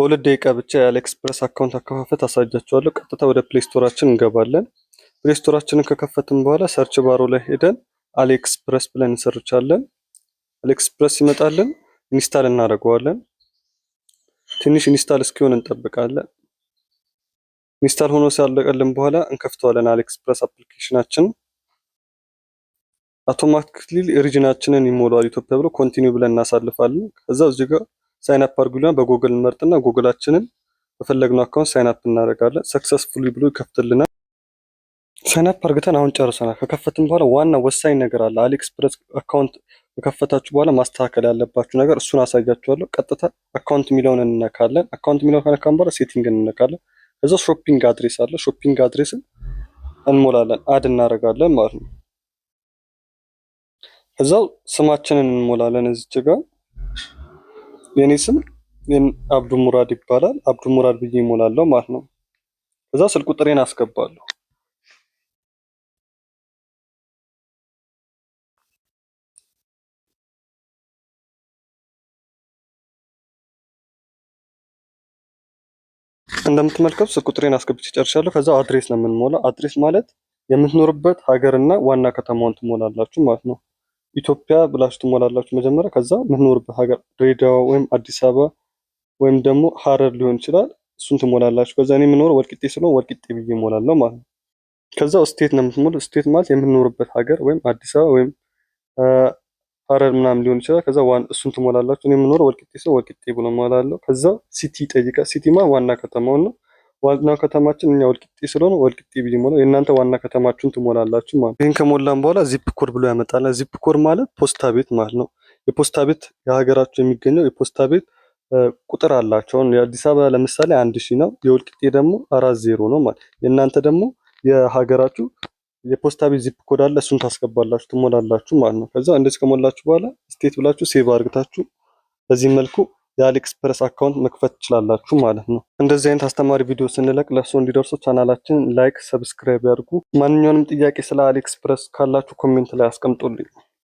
በሁለት ደቂቃ ብቻ የአሊኤክስፕረስ አካውንት አከፋፈት አሳያችኋለሁ። ቀጥታ ወደ ፕሌስቶራችን እንገባለን። ፕሌስቶራችንን ከከፈትን በኋላ ሰርች ባሮ ላይ ሄደን አሊኤክስፕረስ ብለን እንሰርቻለን። አሊኤክስፕረስ ይመጣልን፣ ኢንስታል እናደርገዋለን። ትንሽ ኢንስታል እስኪሆን እንጠብቃለን። ኢንስታል ሆኖ ሲያለቀልን በኋላ እንከፍተዋለን አሊኤክስፕረስ አፕሊኬሽናችን። አውቶማቲክሊ ሪጅናችንን ይሞላዋል ኢትዮጵያ ብሎ ኮንቲኒው ብለን እናሳልፋለን። ከዛ እዚህ ጋር ሳይን አፕ አድርጉልን። በጎግል እንመርጥና ጎግላችንን በፈለግነው አካውንት ሳይን አፕ እናደርጋለን። ሰክሰስፉሊ ብሎ ይከፍትልናል። ሳይን አፕ አድርገን አሁን ጨርሰናል። ከከፈትን በኋላ ዋና ወሳኝ ነገር አለ። አሊኤክስፕረስ አካውንት ከከፈታችሁ በኋላ ማስተካከል ያለባችሁ ነገር እሱን አሳያችኋለሁ። ቀጥታ አካውንት የሚለውን እንነካለን። አካውንት የሚለውን ከነካን በኋላ ሴቲንግ እንነካለን። እዛ ሾፒንግ አድሬስ አለ። ሾፒንግ አድሬስን እንሞላለን፣ አድ እናደርጋለን ማለት ነው። እዛው ስማችንን እንሞላለን እዚች ጋር የኔ ስም አብዱ ሙራድ ይባላል። አብዱ ሙራድ ብዬ ይሞላለሁ ማለት ነው። ከዛ ስልክ ቁጥሬን አስገባለሁ። እንደምትመልከቱ ስልክ ቁጥሬን አስገብቼ ጨርሻለሁ። ከዛ አድሬስ ነው የምንሞላ። አድሬስ ማለት የምትኖርበት ሀገርና ዋና ከተማውን ትሞላላችሁ ማለት ነው። ኢትዮጵያ ብላችሁ ትሞላላችሁ መጀመሪያ። ከዛ የምትኖርበት ሀገር ድሬዳዋ ወይም አዲስ አበባ ወይም ደግሞ ሀረር ሊሆን ይችላል። እሱን ትሞላላችሁ። ከዛ እኔ የምኖረው ወልቂጤ ስለሆነ ወልቂጤ ብዬ እሞላለሁ ማለት ነው። ከዛ ስቴት ነው የምትሞሉ። ስቴት ማለት የምንኖርበት ሀገር ወይም አዲስ አበባ ወይም ሀረር ምናምን ሊሆን ይችላል። ከዛ ዋን እሱን ትሞላላችሁ። እኔ የምኖረው ወልቂጤ ስለሆነ ወልቂጤ ብሎ እሞላለሁ። ከዛ ሲቲ ጠይቃ ሲቲ ማለት ዋና ከተማውን ነው ዋና ከተማችን እኛ ወልቂጤ ስለሆነ ወልቂጤ ቢሞላ የእናንተ ዋና ከተማችሁን ትሞላላችሁ ማለት ይህን ከሞላን በኋላ ዚፕ ኮድ ብሎ ያመጣልና ዚፕ ኮድ ማለት ፖስታ ቤት ማለት ነው። የፖስታ ቤት የሀገራችሁ የሚገኘው የፖስታ ቤት ቁጥር አላቸው። የአዲስ አበባ ለምሳሌ አንድ ሺህ ነው፣ የወልቂጤ ደግሞ አራት ዜሮ ነው ማለት የእናንተ ደግሞ የሀገራችሁ የፖስታ ቤት ዚፕ ኮድ አለ። እሱን ታስገባላችሁ ትሞላላችሁ ማለት ነው። ከዛ እንደዚህ ከሞላችሁ በኋላ ስቴት ብላችሁ ሴቭ አድርግታችሁ በዚህ መልኩ የአሊኤክስፕረስ አካውንት መክፈት ትችላላችሁ ማለት ነው። እንደዚህ አይነት አስተማሪ ቪዲዮ ስንለቅ ለእርሶ እንዲደርሱ ቻናላችን ላይክ፣ ሰብስክራይብ ያድርጉ። ማንኛውንም ጥያቄ ስለ አሊኤክስፕረስ ካላችሁ ኮሜንት ላይ አስቀምጡልኝ።